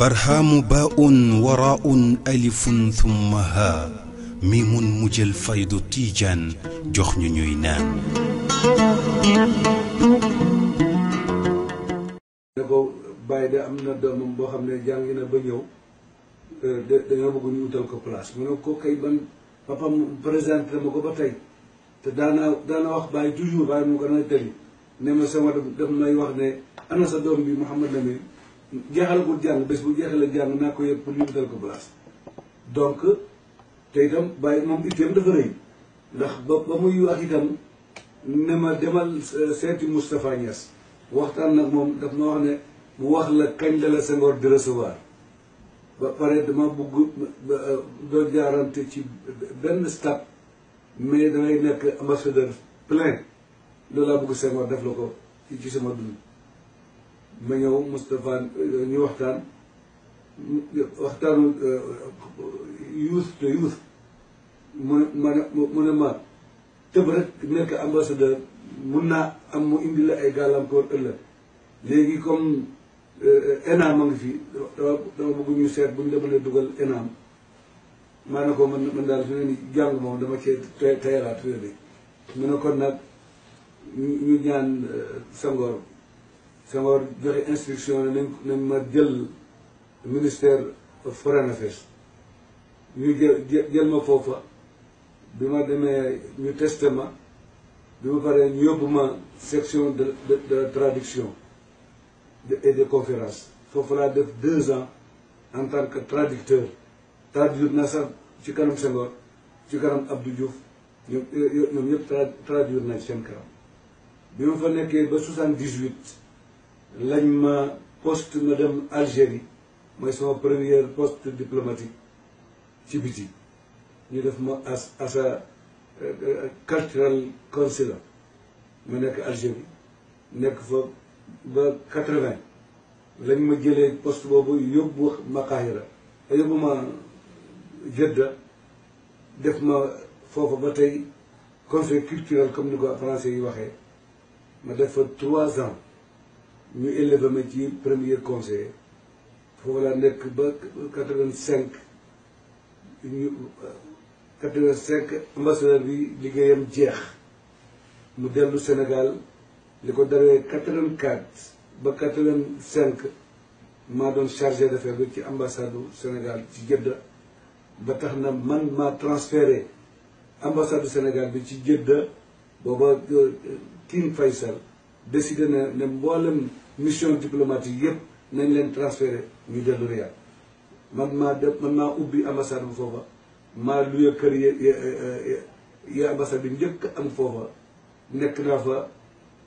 barhaamu baa'un waraa'un alifun thumma haa miimun mu jël faydu tiijaan jox ñu ñuy naan. ne ko am na doomam boo xam ne jàngi na ba ñëw euh, da bëgg ñu utal ko place mu ne ko kay ban papam présenté ma ko ba tey te daana daana wax bàyyi toujours bàyyi mu gën a dëli ne ma sama daf may wax ne ana sa doom bi Mouhamad Lamine jeexalagul jàng bés bu jeexalee jàng naa ko yëpp pour ñu wutal ko place donc te itam bàyyi moom dafa rëy ndax ba ba muy wax itam ne ma demal euh, seeti Moustapha Niass waxtaan nag moom daf ma wax ne mu wax la kañ la la di recevoir ba pare dama bugg euh, doo jaarante ci benn stade mais dangay nekk ambassadeur plein loolu laa bëgg Senghor def la ko ci sama dund ma ñëw Moustapha euh, ñu waxtaan waxtaanu youth to youth mu ne ma ne mu ne ma tëb rek nekk ambassadeur mun naa am mu indi la ay gàllankoor ëllëg léegi comme euh, ENAM a ngi fii dama dama bëgg ñu seet bu ñu demalee dugal ENAM maa ne ko mën man daal fi ne ni jàng moom dama cee tayalaat fii mu ne kon nag ñu ñu ñaan euh, Senghor Senghor joxe instruction nañ nañ ma jël ministère foreign affairs ñu jël jël ma foofa bi ma demee ñu testé ma bi ma paree ñu yóbbu ma section de de la traduction et de conférence foofu laa def deux ans en tant que traducteur traduire naa sax ci kanam Senghor ci kanam Abdou Diouf ñoom ñoom ñëpp traduire naa seen kanam bi fa nekkee ba 78 lañ ma poste Madame dem Algérie mooy sama premier poste diplomatique ci biti ñu def ma as a euh, euh, cultural consular ma nekk Algérie nekk fa ba 80 lañ ma jëlee poste boobu yóbbu makahira Qahira yóbbu ma Jedda def ma foofu ba tey conseil culturel comme ni ko français yi waxee mais il trois ans. Nous élevons le métier premier conseiller. Pour la année 85, 85, ambassadeur de l'IGM Djer, modèle du Sénégal, le code de 84, 85, m'a chargé de faire l'ambassade du Sénégal, Djedda. Batahna m'a transféré l'ambassade du Sénégal, Djedda, Boba. Euh, King Faisal décidé na ne mboolem mission diplomatique yëpp nañ leen transféré ñu dellu Riyad man maa def man maa ubbi ambassade bu foofa maa luye kër yi ambassade bi njëkk am foofa nekk naa fa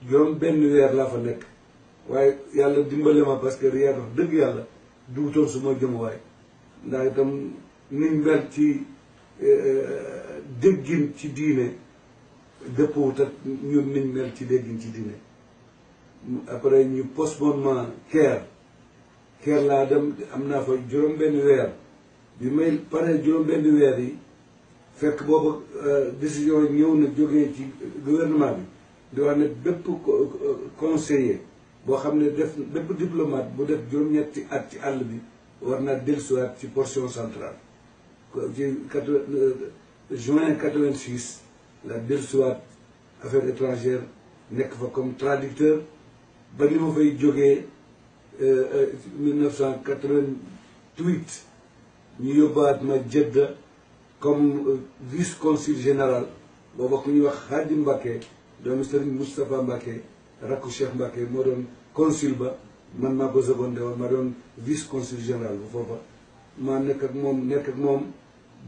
juróom benn weer laa fa nekk waaye yàlla dimbale ma parce que Riyad wax dëgg yàlla dugutoon su ma jëmuwaay ndax itam niñ mel ci eh, eh, déggin ci diine dëppoowut ak ñun niñ mel ci déggin ci diine après ñu postpone ma keer laa dem am naa fa juróom benn weer bi may paree juróom benn weer yi fekk booba euh, décision ñëw na jógee ci gouvernement bi di wax ne bépp euh, conseiller boo xam ne def bépp diplomate bu def juróom-ñetti at ci àll bi war naa dellusiwaat ci portion centrale ci euh, juin la dellusiwaat affaires étrangères nek fa comme traducteur ba ni ma fay jógee 1988 euh, euh, ñu yóbbaat ma Jedda comme euh, vice consul général booba ku ñuy wax Xaadim Mbacke doomu Serigne Moustapha Mbacke rakku Cheikh Mbacke moo doon consul ba man maa ko secondé vice consul général bu foofa maa nek ak moom nekk ak moom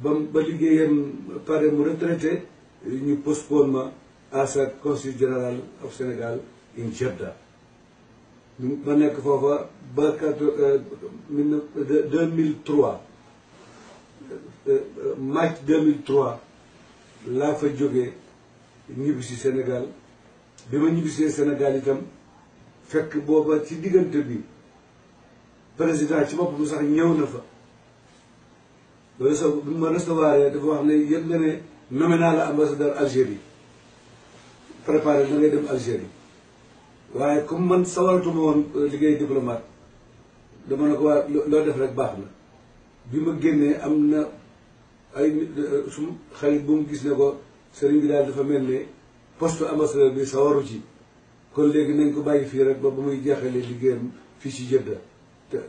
ba ba liggéeyam pare mu retraité ñu postponement ma sa consul général of Sénégal in Jeddah ma nekk foofa ba quatre euh, deux mille trois euh, euh, mars deux mille trois laa fa jógee ñibbisi Sénégal bi ma ñibbisee Sénégal itam fekk booba ci diggante bi président ci boppam sax ñëw na fa ba sa ma recevoir dafa wax ne yëg nga ne نمنا الامبسدر الجيري بريباري دا ديم الجيري واي كوم من سوالتو مون ليغي دبلومات دما نكو لو ديف رك باخنا بيما генي امنا اي سوم خالي بوم غيس نكو سيرين بي دا دا فا ملني بوستو امبسدر بي سواروجي كون ليغي نانكو باغي في رك با بومي جيهالي ليغيام في سي جيدا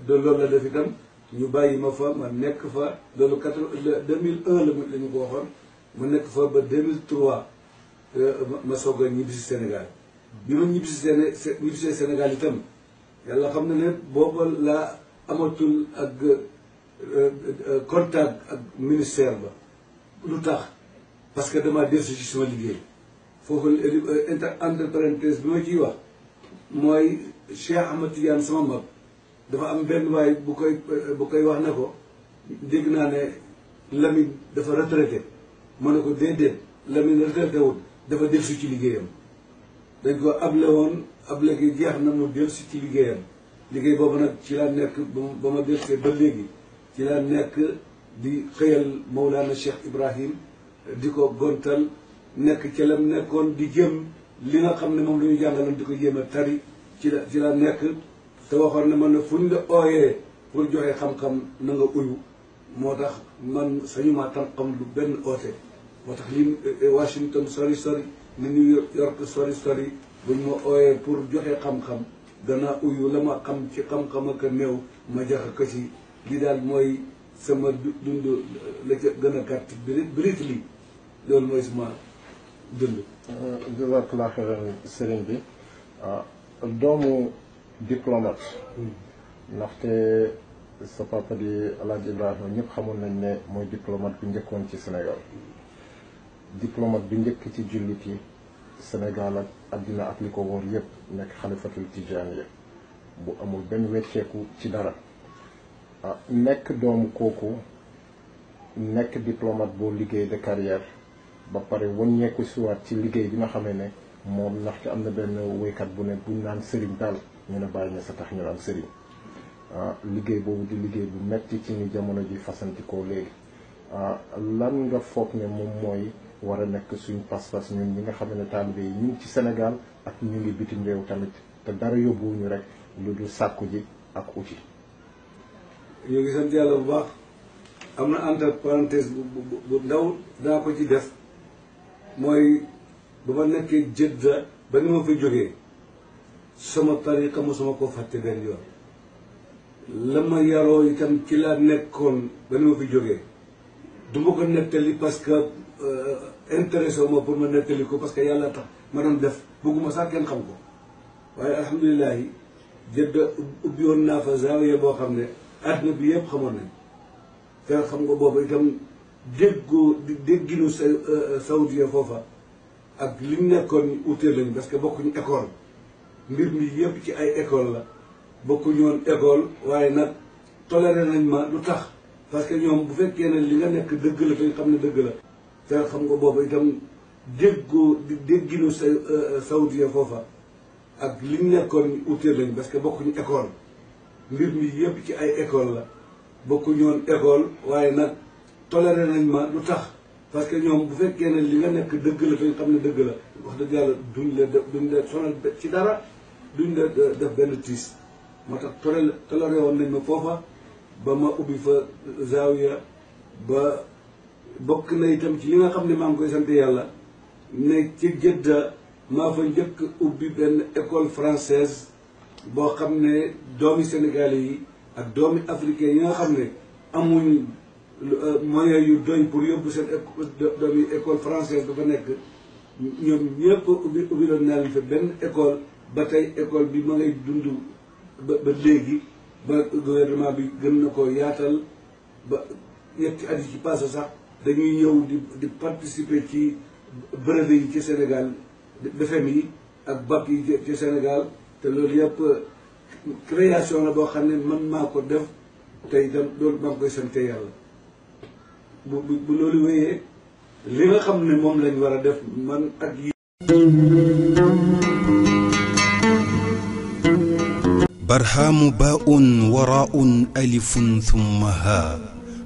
دو لول لا ديف تام ñu bayima fa ma nek fa lolu 2001 la ñu ko waxon mu nekk fa ba 2003 euh, ma soog a ñibbisi Sénégal bi ma ñibbisi Séné ñibbisee Sénégal itam yàlla xam na ne booba laa amatul ak euh, euh, contact ak ministère ba lu tax parce que damaa dellusi ci sama liggéey foofu inter entre bi ma ciy wax mooy Cheikh Ahmad Tidiane sama mag dafa am benn waay bu koy bu koy wax ne ko dégg naa ne Lamine dafa retraité ma ne ko déedéet Lamine retraité woon dafa dellusi ci liggéeyam dañ ko able woon able gi jeex na mu dellusi ci liggéeyam liggéey boobu nag ci laa nekk ba ma dellusee ba léegi ci laa nekk di xëyal Mawlana Cheikh Ibrahim di ko gontal nekk ci lam nekkoon di jëm li nga xam ne moom la ñu jàngaloon di ko jéem a tari ci la ci la nekk te waxoon na mën ne fu ñu la ooyee pour joxe xam-xam na nga uyu moo tax man sañu maa tam xam lu benn oote moo tax li eh, eh, Washington sori sori ni New York sori sori buñ ma ooyee pour joxe xam-xam danaa uyu la ma xam ci xam-xam ak néew ma joxe ko ci li daal mooy sama dund eh, la ca gën a gàtt birit birit mooy sama dund euh, jazakallah xeyran bi ah, doomu diplomate hmm. ndaxte sa papa di Alaaji Ibrahima ñëpp xamoon nañ ne mooy diplomate bu njëkkoon ci senegal diplomate bi njëkk ci jullit yi Sénégal ak àddina ak li ko wóor yépp nekk xalifatul tijaaniya bu amul benn wecceeku ci dara ah, nekk doom kooku nekk diplomate boo liggéey de carrière ba pare wàññeeku siwaat ci liggéey bi nga xamee ne moom ndaxte am na benn woykat bu ne bu naan sëriñ daal ñu ne bàyyi na sa tax ñu naan sëriñ ah, liggéey boobu di liggéey bu metti ci ni jamono ji fasantikoo léegi ah, lan nga foog ne moom mooy war a nekk suñu pas-pas ñun ñi nga xam ne taalibe yi ñu ngi ci senegal ak ñu ngi bitim réew tamit te dara yóbbuwuñu rek lu dul sàkku ji ak uti. ñu ngi sant yàlla bu baax am na entre parenthèse bu bu ndaw daa ko ci def mooy ba ma nekkee Jedda ba ni ma fa jógee sama tariqa mosuma koo fàtte benn yoon la ma yaroo itam ci laa nekkoon ba ni ma fi jógee du ma ko nettali parce que. Euh, intéressé wu ma pour ma nettali ko parce que yàlla tax ma doon def bëgguma sax kenn xam ko waaye alhamdulilah yi jëdd ubbi woon naa fa zaawiya boo xam ne àdduna bi yëpp xamoon nañ te xam nga boobu itam déggoo dégginu sa euh, saoudia foofa ak li nekkoon utee lañu parce que bokkuñu école mbir mi yëpp ci ay école la bokkuñu woon école waaye nag tolere nañ ma lu tax parce que ñoom bu fekkee ne li nga nekk dëgg la te xam ne dëgg la te xam nga boobu itam déggu dégginu sa saoudia foofa ak liñ nekkoon utee lañ parce que bokkuñu école mbir mi yëpp ci ay école la bokkuñu woon école waaye nag toléré nañ ma lu tax parce que ñoom bu fekkee ne li nga nekk dëgg la dañ xam ne dëgg la wax dëgg yàlla duñ la def duñ la sonal ci dara duñ la def benn tiis moo tax toléré toléré woon nañ ma foofa ba ma ubbi fa zaawiya ba bokk na itam ci li nga xam ne maa ngi koy sant yàlla ne ci Jedda maa fa njëkk ubbi benn école française boo xam ne doomi Sénégal yi ak doomi africain yi nga xam ne amuñ euh, moyens yu doy pour yóbbu seen doomi école française fa nekk ñoom ñëpp ubbi ubbi doon naa fa benn école ba tey école bi ma ngay dund ba léegi ba gouvernement bi gën na ko yaatal ba ñetti at yi ci passé sax dañuy ñëw di participer ci brevet yi ci Sénégal BFEM yi ak BAC yi ci Sénégal te loolu yëpp création la boo xam ne man maa ko def tey itam loolu maa ngi koy sante bu bu loolu wéyee li nga xam ne moom lañ war a def man ak yi barhamu baun waraun alifun thumma ha